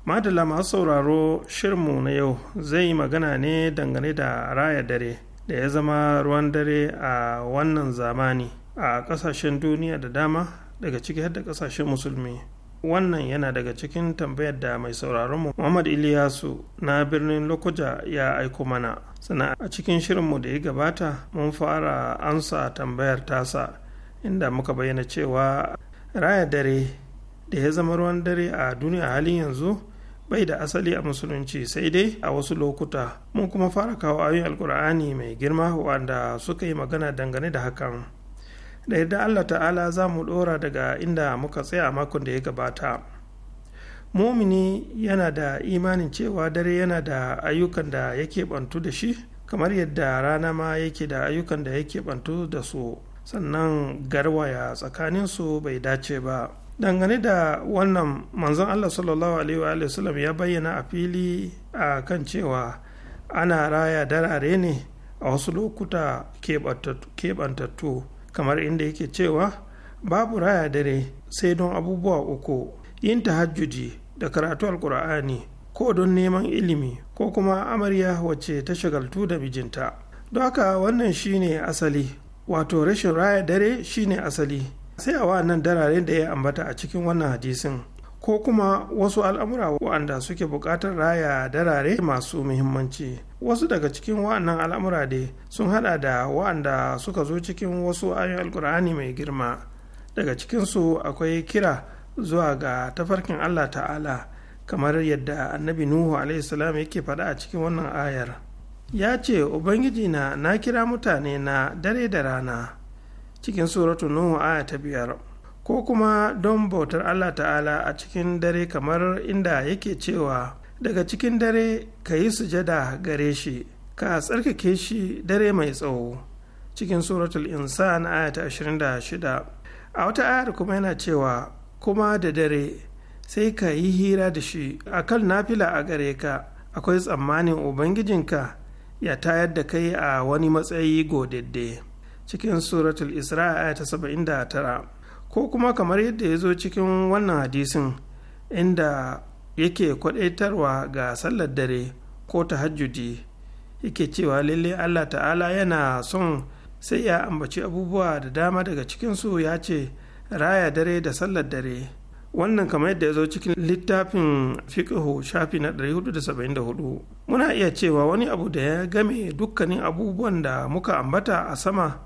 madala masu sauraro shirinmu na yau zai yi magana ne dangane da raya dare da ya zama ruwan dare a wannan zamani a ƙasashen duniya da dama daga ciki har da ƙasashen musulmi wannan yana daga cikin tambayar da mai sauraron mu. muhammad iliyasu na birnin lokoja ya aiko mana sana a cikin shirinmu da ya gabata mun fara ansa tambayar tasa inda muka bayyana cewa raya dare da ya zama ruwan dare a duniya halin yanzu bai da asali a musulunci sai dai a wasu lokuta mun kuma fara kawo ayoyin alkur'ani mai girma wanda suka yi magana dangane da hakan da yadda allah ta'ala za mu ɗora daga inda muka tsaya a makon da ya gabata mumini yana da imanin cewa dare yana da ayyukan da yake bantu da shi kamar yadda rana ma yake da ayyukan da yake bantu da su sannan garwaya tsakaninsu bai dace ba dangane da wannan manzon allah sallallahu alaihi sallam ya bayyana a fili a kan cewa ana raya darare ne a wasu lokuta keɓantattu kamar inda yake cewa babu raya dare sai don abubuwa uku yin tahajjuji da karatu alkur'ani ko don neman ilimi ko kuma amarya wacce ta shagaltu da mijinta don haka wannan shine asali wato rashin raya dare shine asali sai a wa'annan dararen da ya ambata a cikin wannan hadisin ko kuma wasu al'amura waɗanda suke buƙatar raya darare masu muhimmanci wasu daga cikin wa'annan al'amura dai sun haɗa da wa'anda suka zo cikin wasu ayoyin alkur'ani mai girma daga cikinsu akwai kira zuwa ga tafarkin allah ta'ala kamar yadda annabi nuhu salam yake faɗa a cikin wannan ayar ya ce ubangiji na na kira mutane na dare da rana cikin suratu nuhu aya ta biyar ko kuma don bautar allah ta'ala a cikin dare kamar inda yake cewa daga cikin dare ka yi sujada gare shi ka tsarkake shi dare mai tsawo cikin suratul insan aya ta 26 a wata ayar kuma yana cewa kuma da dare sai ka yi hira da shi a kan nafila a gare ka akwai tsammanin ubangijinka ya tayar da kai a wani matsayi godedde cikin suratul isra aya ta tara, ko kuma kamar yadda ya zo cikin wannan hadisin inda yake kwadaitarwa ga sallar dare ko ta tahajjudi yake cewa lalle allah ta'ala yana son sai ya ambaci abubuwa da dama daga cikinsu ya ce raya dare da sallar dare wannan kamar yadda ya zo cikin littafin fiqhu shafi na 474 muna iya cewa wani abu da ya game dukkanin abubuwan da muka ambata a sama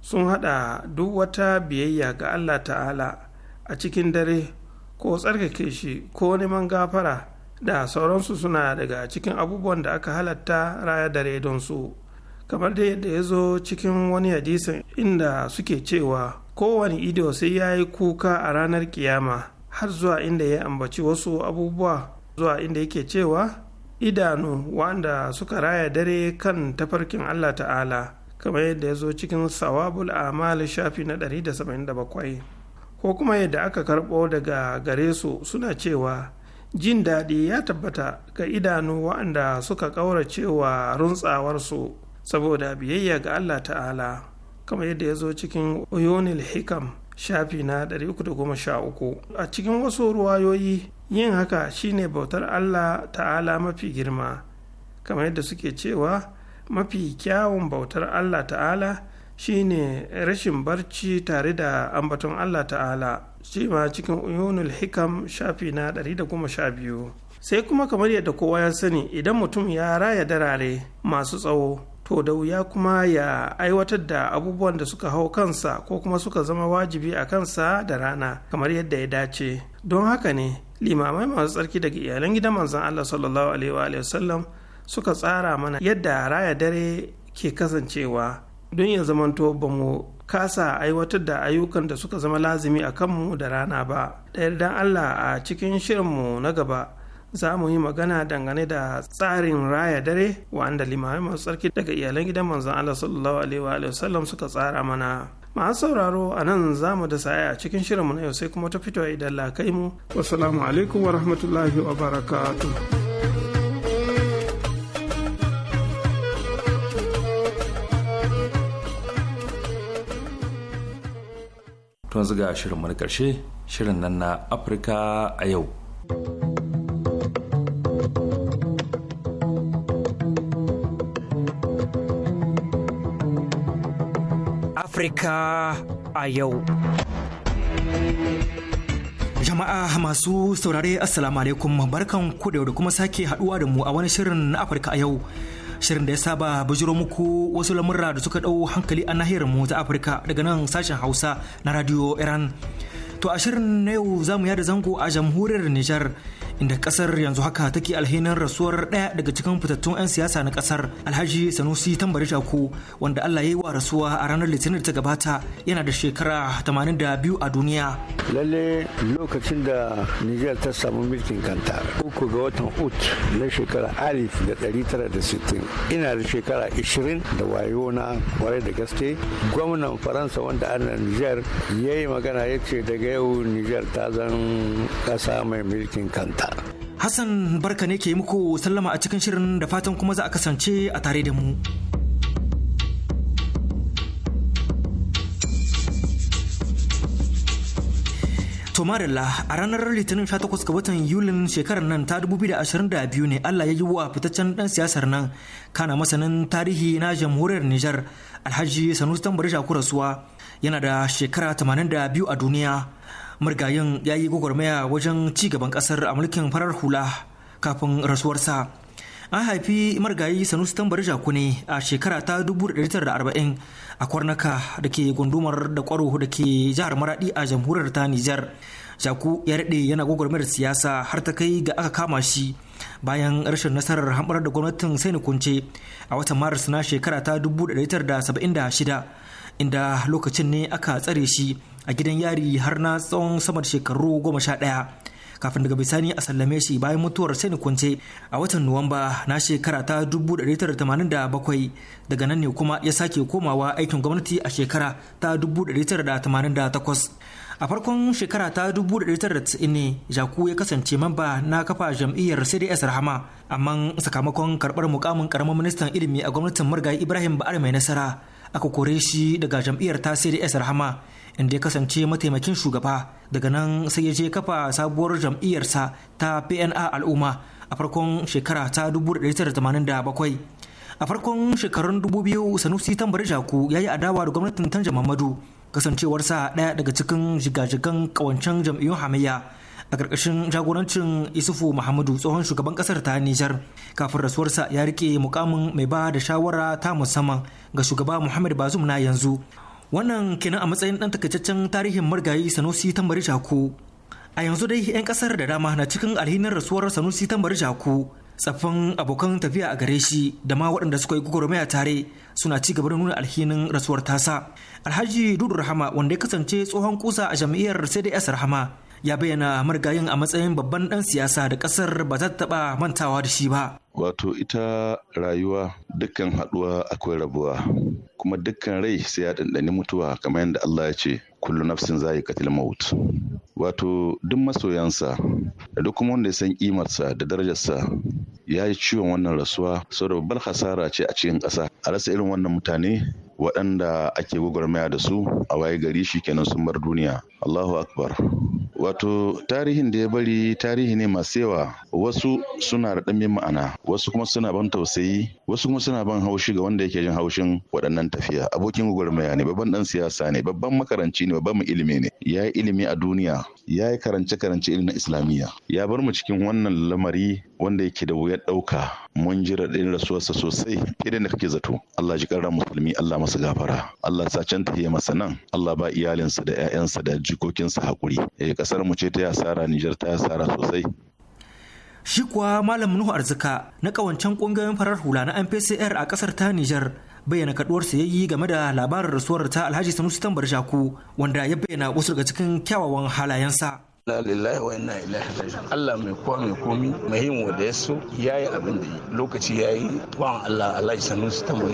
sun haɗa duk wata biyayya ga allah ta'ala a cikin dare ko tsarkake shi ko neman gafara da sauransu suna daga cikin abubuwan da aka halatta raya dare don su kamar da yadda ya zo cikin wani hadisin inda suke cewa kowane ido sai ya yi kuka a ranar kiyama har zuwa inda ya ambaci wasu abubuwa zuwa inda yake cewa idanu wanda suka raya dare kan tafarkin allah ta'ala kamar yadda ya zo cikin sawabul amal shafi na 177 ko kuma yadda aka karɓo daga gare su suna cewa jin daɗi ya tabbata ga idanu waɗanda suka cewa runtsawarsu saboda biyayya ga Allah ta'ala kamar yadda ya zo cikin uyunil hikam shafi na 313 a cikin wasu ruwayoyi yin haka shine bautar Allah ta'ala mafi girma kamar yadda suke cewa mafi kyawun bautar allah ta'ala shine rashin barci tare da ambaton allah ta'ala shi ma cikin uyunul hikam shafi na 112 sai kuma kamar yadda kowa ya sani idan mutum ya raya darare masu tsawo to da wuya kuma ya aiwatar da abubuwan da suka hau kansa ko kuma suka zama wajibi a kansa da rana kamar yadda ya dace don haka ne limamai masu tsarki daga iyalan gidan manzon Allah sallallahu alaihi wa sallam suka tsara mana yadda raya dare ke kasancewa don ya zamanto ba mu kasa aiwatar da ayyukan da suka zama lazimi a kanmu da rana ba da yardan allah a cikin shirinmu na gaba za mu yi magana dangane da tsarin raya dare wanda limamai masu tsarki daga iyalan gidan manzon allah sallallahu alaihi wa sallam suka tsara mana masu sauraro a nan za mu da saya a cikin shirinmu na yau sai kuma ta fito idan la kai mu wasu alaikum wa rahmatullahi wa barakatuh kun zuga shirin na karshe shirin nan na afirka a yau afirka a yau Jama'a masu saurare Assalamu alaikum barkan ku da kuma sake haduwa da mu a wani shirin na Afirka a yau. shirin da ya saba bujiro muku wasu lamurra da suka ɗau hankali a nahiyar mu ta Afirka daga nan sashen Hausa na Radio Iran. To a shirin na yau za mu yada zango a jamhuriyar Nijar inda kasar yanzu haka take alhinin rasuwar ɗaya daga cikin fitattun 'yan siyasa na kasar alhaji sanusi tambari jako wanda allah ya yi wa rasuwa a ranar litinin ta gabata yana da shekara 82 a duniya lalle lokacin da niger ta samu mulkin kanta uku ga watan ut na shekara alif da 960 ina da shekara 20 da wayo na kwarai da gaske gwamnan faransa wanda ana niger ya yi magana ya ce daga yau niger ta zan kasa mai mulkin kanta Hassan barka ne ke muku sallama a cikin shirin da fatan kuma za a kasance a tare da mu. Tomarilla a ranar Litinin 18 ga watan Yulin shekarar nan ta 2022 ne Allah ya yi wa fitaccen ɗan siyasar nan kana masanin tarihi na jamhuriyar Nijar Alhaji Sanusi Tambari Shakurasuwa yana da shekara 82 a duniya. murgayin ya yi gwagwarmaya wajen ci gaban kasar a mulkin farar hula kafin rasuwarsa an haifi margayi sanusi tambari jaku a shekara ta 1940 a kwarnaka da ke gundumar da kwaro da ke jihar maradi a jamhuriyar ta nijar jaku ya daɗe yana gwagwarmayar siyasa har ta kai ga aka kama shi bayan rashin nasarar hamɓar da gwamnatin saini kunce a watan maris na shekara ta 1976 inda lokacin ne aka tsare shi a gidan yari har na tsawon samar shekaru goma sha ɗaya kafin daga bisani a sallame shi bayan mutuwar sai ni kwance a watan nuwamba na shekara ta 1987 daga nan ne kuma ya sake komawa aikin gwamnati a shekara ta 1988 a farkon shekara ta 1990 ne jaku ya kasance mamba na kafa jam'iyyar cds rahama amma sakamakon karɓar mukamin karamin ministan ilimi a gwamnatin murgai ibrahim ba'ar mai nasara aka kore shi daga jam'iyyar ta cds rahama inda ya kasance mataimakin shugaba daga nan sai ya je kafa sabuwar jam'iyyarsa ta pna al'umma a farkon shekara ta 1987 a farkon shekarun 2000 sanusi tambari jaku ya yi adawa da gwamnatin tanja mamadu kasancewarsa ɗaya daga cikin jigajigan kawancen jam'iyyun hamayya a ƙarƙashin jagorancin isufu muhammadu tsohon shugaban ƙasar ta nijar kafin rasuwarsa ya rike mukamin mai ba da shawara ta musamman ga shugaba muhammad bazum na yanzu wannan kenan a matsayin ɗan takaitaccen tarihin marigayi sanusi tambari jaku a yanzu dai 'yan ƙasar da dama na cikin alhinin rasuwar sanusi tambari jaku tsaffin abokan tafiya a gare shi da ma waɗanda suka yi gwagwarmaya tare suna ci gaba da nuna alhinin rasuwar tasa alhaji dudu rahama wanda ya kasance tsohon kusa a jam'iyyar cds rahama ya bayyana marigayin a matsayin babban ɗan siyasa da ƙasar ba ta taɓa mantawa da shi ba. Wato ita rayuwa dukkan haɗuwa akwai rabuwa kuma dukkan rai sai ya ɗanɗani mutuwa kamar yadda Allah ya ce kullu nafsin zai katil maut. Wato duk masoyansa da duk kuma wanda ya san kimarsa da darajarsa ya yi ciwon wannan rasuwa saboda babbar hasara ce a cikin ƙasa a rasa irin wannan mutane waɗanda ake gwagwarmaya da su a waye gari shi kenan sun bar duniya allahu akbar wato tarihin da ya bari tarihi ne masu yawa wasu suna da ɗanbin ma'ana wasu kuma suna ban tausayi wasu kuma suna ban haushi ga wanda yake jin haushin waɗannan tafiya abokin gwagwarmaya ne babban ɗan siyasa ne babban makaranci ne babban ilimi ne ya yi ilimi a duniya ya yi karance karance ilimin islamiyya ya bar mu cikin wannan lamari wanda yake da wuyar ɗauka mun ji raɗin rasuwarsa sosai fiye da kake zato Allah ji ƙarra musulmi Allah masa gafara Allah sa can ta masa nan Allah ba iyalinsa da 'ya'yansa da jikokinsa haƙuri eh, ƙasar mu ce ta yasara Nijar ta yasara sosai Shi kuwa Malam Nuhu Arzika na kawancen ƙungiyoyin farar hula na MPCR a ƙasar ta Nijar bayyana kaduwar sayayyi game da labarin rasuwar ta Alhaji Sanusi Tambar shaku wanda ya bayyana wasu daga cikin kyawawan halayensa. inna lillahi wa inna ilaihi raji'un Allah mai kowa mai komi mai yin wanda ya so abin da yi lokaci yi ba Allah Allah sanu su ta mai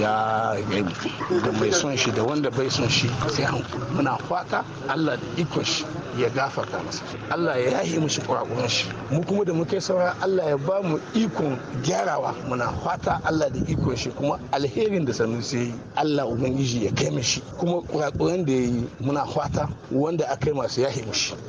ya gani da mai son shi da wanda bai son shi sai an muna fata Allah da ikon shi ya gafarta masa Allah ya yi mushi kurakuran shi mu kuma da muke saura Allah ya ba mu ikon gyarawa muna fata Allah da ikon shi kuma alherin da sanu sai Allah ubangiji ya kai mishi kuma kurakuran da ya yi muna fata wanda aka yi masu yahi mushi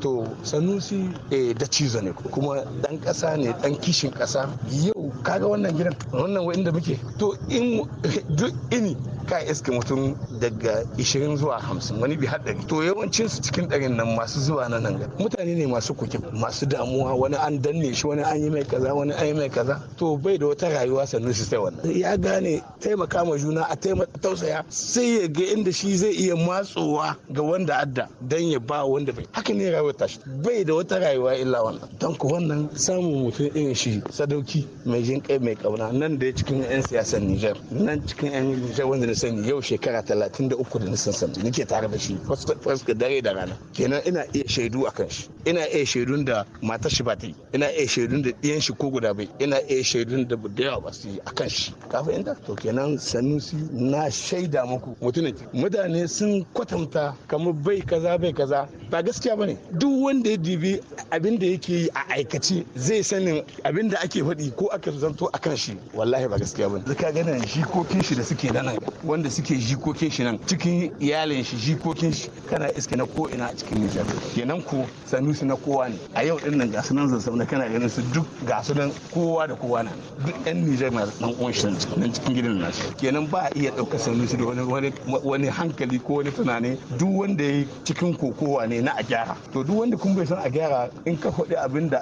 to sanusi eh, da cizo ne kuma dan kasa ne dan kishin kasa yau kaga wannan gidan wannan wa inda muke to in *laughs* duk ini ka iske mutum daga 20 zuwa 50 wani bi haɗari to yawancin su cikin ɗarin nan masu zuwa na nan mutane ne masu kuke masu damuwa wani an danne shi wani an yi mai kaza wani an yi mai kaza to bai da wata rayuwa sanusi sai wannan ya gane taimaka ma juna a taimaka tausaya sai ya ga inda shi zai iya matsowa ga wanda adda dan ya ba wanda bai haka ne rayuwa rayuwar shi bai da wata rayuwa illa wannan don ku wannan samun mutum irin shi sadauki mai jin kai mai kauna nan da cikin yan siyasar Nijar nan cikin yan Nijar wanda na sani yau shekara 33 da na san sani nake tare da shi fasfaska dare da rana kenan ina iya shaidu kan shi ina iya shaidun da matar shi ba yi ina iya shaidun da ɗiyan shi ko guda bai ina iya shaidun da da yawa ba su yi kan shi kafin inda to kenan sanusi na shaida muku mutumin mutane sun kwatanta kamar bai kaza bai kaza ba gaskiya bane duk wanda ya dibi abin da yake yi a aikace zai sanin abin da ake faɗi ko aka zanto a kan shi wallahi ba gaskiya ba zaka gana jikokin shi da suke nan wanda suke jikokin shi nan cikin iyalin shi jikokin shi kana iska na ko ina a cikin nijar kenan ko sanusi na kowa ne a yau din nan gasu nan zan kana ganin su duk gasu nan kowa da kowa na duk yan nijar na dan uwan shi nan cikin gidan nasu kenan ba a iya ɗaukar sanusi da wani wani hankali ko wani tunani duk wanda ya yi cikin kokowa ne na a gyara to duk wanda kun bai san a gyara in ka faɗi abin da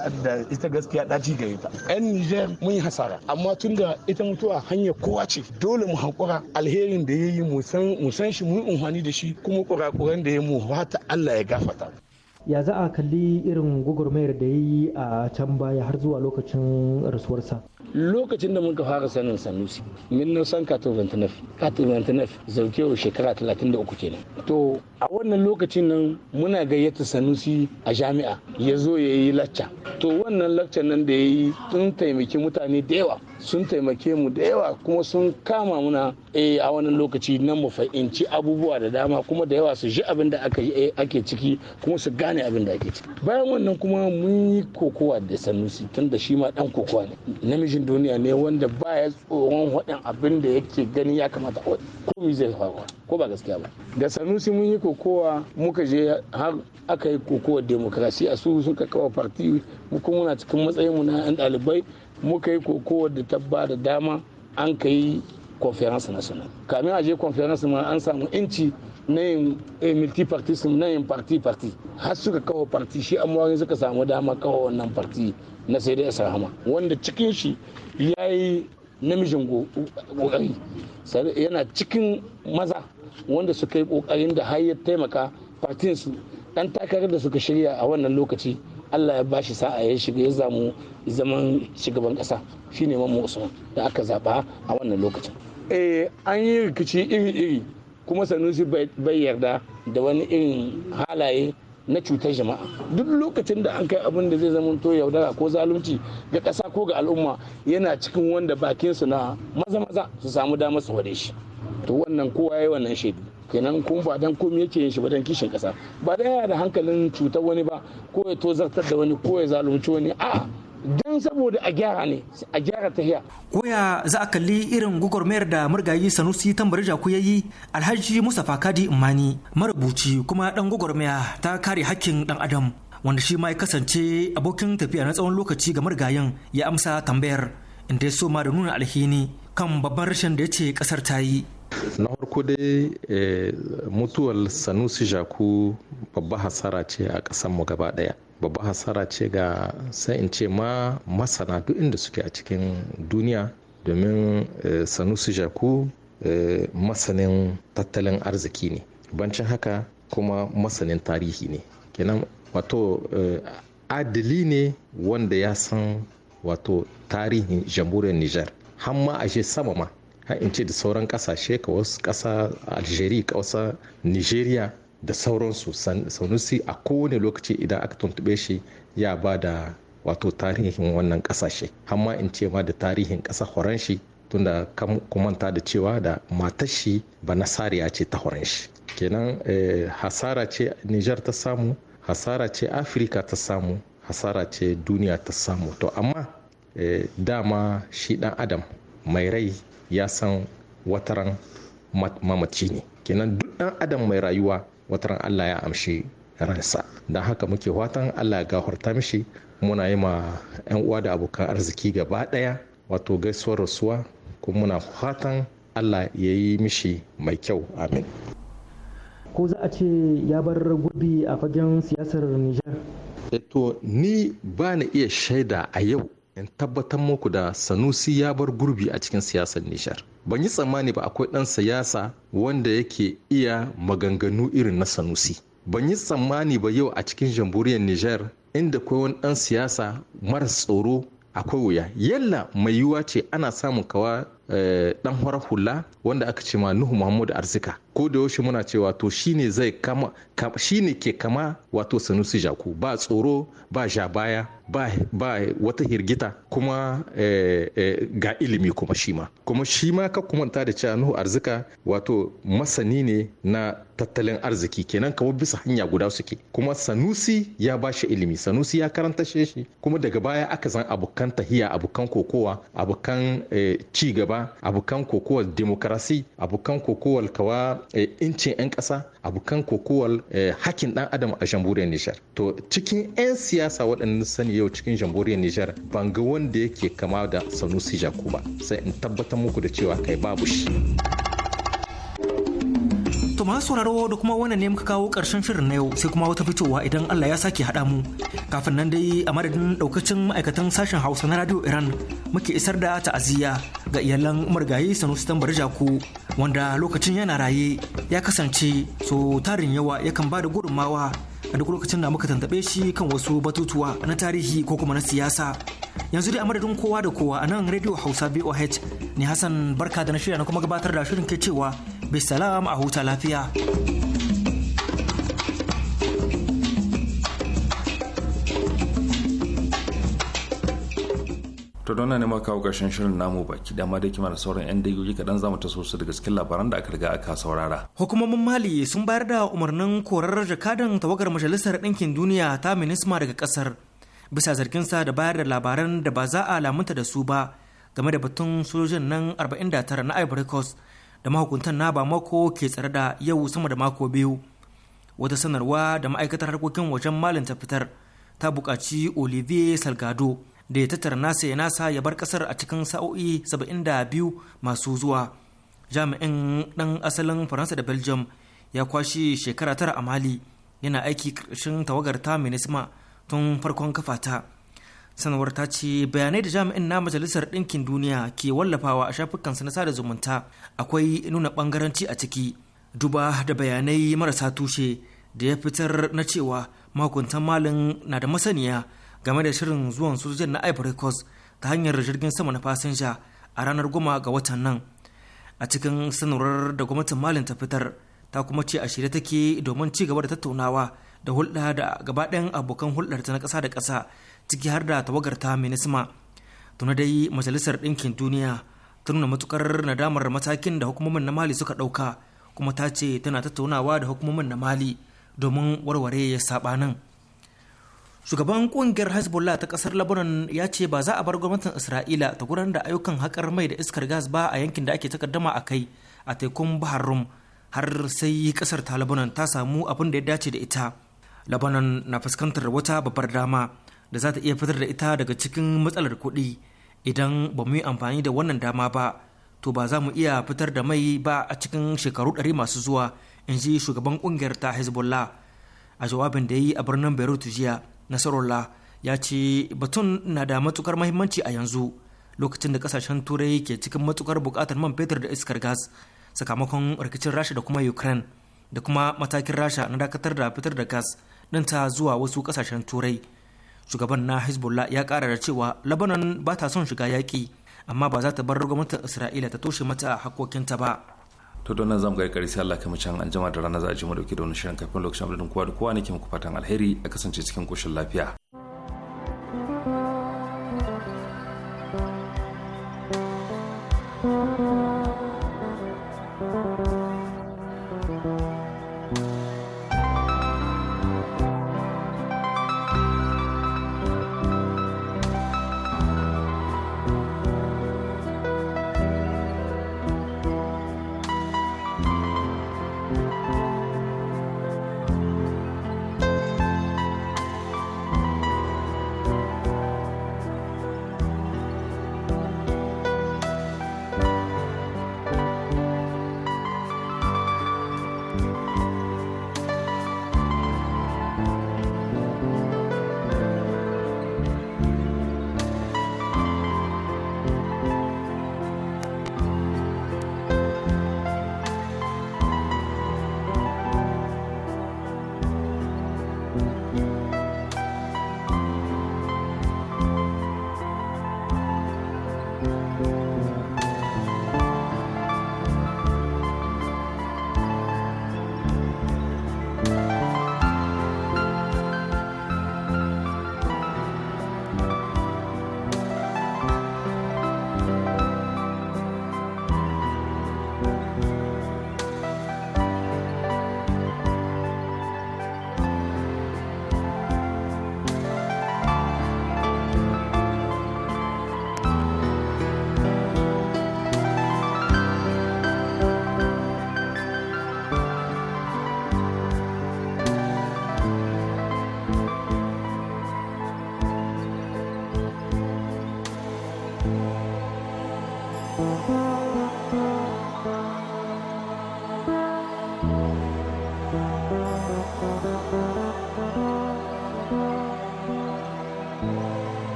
ita gaskiya ɗaci gare ta yan niger mun yi hasara amma tun da ita mutuwa hanyar kowa ce dole mu hankura alherin da ya yi mu san shi mu yi unhani da shi kuma kurakuran da ya mu wata Allah ya gafata ya za a kalli irin gugurmayar da ya yi a can baya har zuwa lokacin rasuwarsa lokacin da muka fara sanin sanusi min na san kato ventinef zaukewa shekara 33 kenan to a wannan lokacin nan muna gayyata sanusi a jami'a ya zo ya yi lacca to wannan lacca nan da ya yi tun taimaki mutane da yawa sun taimake mu da yawa kuma sun kama muna eh a wannan lokaci nan mu fahimci abubuwa da dama kuma da yawa su ji abin da aka eh, ake ciki kuma su gane abin da ake ciki bayan wannan kuma mun yi kokowa da sanusi tun da shi ma dan kokowa ne namijin duniya ne wanda baya tsoron wadan abin da yake gani ya kamata ko mi zai faru ko ba gaskiya ba da sanusi mun yi kokowa muka je har aka yi kokowa demokarasi a su suka kawo parti mu kuma muna cikin matsayinmu na yan ɗalibai muka yi koko da ta da dama an ka yi conference national kamin a je conference ma an samu inci na yin eh, multipartism na yin parti parti har suka kawo parti shi amma suka samu dama kawo wannan parti na sai dai hama. wanda cikin shi ya yi namijin kokari yana cikin maza wanda suka yi kokarin da har ya taimaka partinsu dan takarar da suka shirya a wannan lokaci Allah ya shi sa'a ya shiga ya zamu zaman shugaban kasa shine mamu Usman da aka zaba a wannan lokacin eh an yi rikici iri-iri kuma Sanusi bai yarda da wani irin halaye na cutar jama'a duk lokacin da an kai abin da zai zama to yaudara ko zalunci ga kasa ko ga al'umma yana cikin wanda bakinsu na maza-maza su samu damar su ware shi to wannan kowa ya yi wannan shaidu kenan kun ba dan komai yake yin shi ba dan kishin kasa ba dan yana da hankalin cutar wani ba ko ya tozartar da wani ko ya zalunci wani a don saboda a gyara ne a gyara tahiya. koya za a kalli irin gwagwarmayar da murgayi Sanusi tambari jaku ya yi Alhaji mustafa Kadi Imani marubuci kuma dan gwagwarmaya ta kare hakkin dan adam wanda shi ma ya kasance abokin tafiya na tsawon lokaci ga murgayen ya amsa tambayar inda ya so ma da nuna alhini kan babban rashin da ya ce kasar ta yi. na farko dai eh, mutuwar sanusi jaku babba hasara ce a ƙasanmu gaba ɗaya babba hasara ce ga sai in ce ma masana duk inda suke a cikin duniya domin eh, sanusi jaku eh, masanin tattalin arziki ne bancin haka kuma masanin tarihi ne kenan wato adili ne wanda ya san wato tarihin jamhuriyar nijar har ma ashe sama ma har in ce da sauran kasashe ka wasu kasa algeria kasa nigeria da sauransu sanusi a kowane lokaci idan aka tuntube shi ya ba da wato tarihin wannan kasashe amma in ce ma da tarihin kasa horon shi tunda kumanta da cewa da matar shi ba nasariya ce ta horon shi kenan eh, hasara ce niger ta samu hasara ce afirka ta samu hasara ce duniya ta samu to amma eh, dama shi dan adam mai rai ya san wataran mamaci ne kenan duk ɗan adam mai rayuwa wataran allah ya amshi ransa don haka muke watan allah ya gafarta mishi muna yi ma 'yan uwa da abokan arziki gaba ɗaya wato gaisuwar rasuwa kuma muna fatan allah ya yi mishi mai kyau amin ko za a ce ya bar gurbi a fagen siyasar niger. Eh to ni ba na iya shaida a yau in tabbatar muku da sanusi ya bar gurbi a cikin siyasar nishar ban yi tsammani ba akwai ɗan siyasa wanda yake iya maganganu irin na sanusi ban yi tsammani ba yau a cikin jamhuriyar nijar inda akwai wani ɗan siyasa mara tsoro akwai wuya yalla mai yiwuwa ce ana samun kawa Eh, dan fara hula wanda aka ce ma Nuhu Muhammadu Arzika ko da yaushe muna cewa to shine zai kama shine ke kama wato Sanusi Jaku ba tsoro ba jabaya ba ba wata hirgita kuma eh, eh, ga ilimi kuma shi ma kuma shi ma ka kumanta da cewa Nuhu Arzika wato masani ne na tattalin arziki kenan kamar bisa hanya guda suke kuma Sanusi ya ba shi ilimi Sanusi ya karanta shi kuma daga baya aka zan abokan tahiya abokan kokowa abokan ci gaba gaba abokan kokowar demokarasi abokan kokowar kawa eh, incin 'yan ƙasa abokan kokowar eh, hakin ɗan adam a jamhuriyar nijar to cikin 'yan siyasa waɗannan sani yau cikin jamhuriyar nijar ban ga wanda yake kama da sanusi jakuba sai in tabbatar muku da cewa kai babu shi. To masu sauraro da kuma wannan ne muka kawo ƙarshen shirin na yau sai kuma wata fitowa idan Allah ya sake haɗa mu. Kafin nan dai a madadin ɗaukacin ma'aikatan sashen Hausa na Radio Iran muke isar da ta'aziyya ga iyalan Umar Sanu Sanusi Tambar ko wanda lokacin yana raye ya kasance so tarin yawa yakan ba da gudunmawa a duk lokacin da muka tantaɓe shi kan wasu batutuwa na tarihi ko kuma na siyasa yanzu dai a madadin kowa da kowa a nan rediyo hausa boh ne hassan barka da na shirya na kuma gabatar da shirin ke cewa bisalam a huta lafiya. to don ne ma kawo shirin namu baki dama da kima mana sauran 'yan dayoyi kaɗan zamu taso su daga cikin labaran da aka riga aka saurara. Hukumomin Mali sun bayar da umarnin korar jakadan tawagar majalisar ɗinkin duniya ta minisma daga ƙasar bisa zargin sa da bayar da labaran da ba za a lamunta da su ba game da batun sojojin nan 49 na Ivory Coast da mahukuntan na mako ke tsare da yau sama da mako biyu wata sanarwa da ma'aikatar harkokin wajen malin ta fitar ta bukaci olivier salgado da ya tattara nasa ya nasa ya bar kasar a cikin sa'o'i saba'in da biyu masu zuwa jami'in dan asalin faransa da belgium ya kwashe shekara tara a mali yana aiki ƙarshen tawagar ta minisma tun farkon kafata sanarwar ta ce bayanai da jami'in na majalisar ɗinkin duniya ke wallafawa a shafukan na sada zumunta akwai nuna ɓangaranci a ciki duba da bayanai marasa tushe da ya fitar na cewa makuntan malin na da masaniya game da shirin zuwan sojojin na ivory coast ta hanyar jirgin sama na fasinja a ranar goma ga watan nan a cikin sanarwar da gwamnatin malin ta fitar ta kuma ce a shirye take domin ci gaba da tattaunawa da hulɗa da gabaɗayan abokan hulɗar ta na ƙasa da ƙasa ciki har da tawagar ta minisma tuna dai majalisar ɗinkin duniya ta nuna matukar nadamar matakin da hukumomin na mali suka ɗauka kuma ta ce tana tattaunawa da hukumomin na mali domin warware ya saɓanin shugaban ƙungiyar hezbollah ta kasar lebanon ya ce ba za a bar gwamnatin isra'ila ta gudanar da ayyukan haƙar mai da iskar gas ba a yankin da ake takaddama a kai a tekun bahar rum har sai kasar ta lebanon ta samu abin da ya dace da ita lebanon na fuskantar wata babbar dama da za ta iya fitar da ita daga cikin matsalar kuɗi idan ba mu yi amfani da wannan dama ba to ba za mu iya fitar da mai ba a cikin shekaru ɗari masu zuwa in ji shugaban ƙungiyar ta hezbollah a jawabin da ya yi a birnin beirut jiya nasarola ya ce batun na da matukar mahimmanci a yanzu lokacin da kasashen turai ke cikin matukar buƙatar man fetur da iskar gas sakamakon rikicin rasha da kuma ukraine da kuma matakin rasha na dakatar da fitar da gas ɗinta zuwa wasu kasashen turai shugaban na hezbollah ya kara da cewa labanan ba ta son shiga yaƙi amma ba za ta bar gwamnatin isra'ila ta toshe mata hakokinta ba to don nan zamu ga ƙarshe sai Allah kuma can an da rana za a ji mu dauke da wani shirin kafin lokacin da kowa da kowa nake muku fatan alheri a kasance cikin koshin lafiya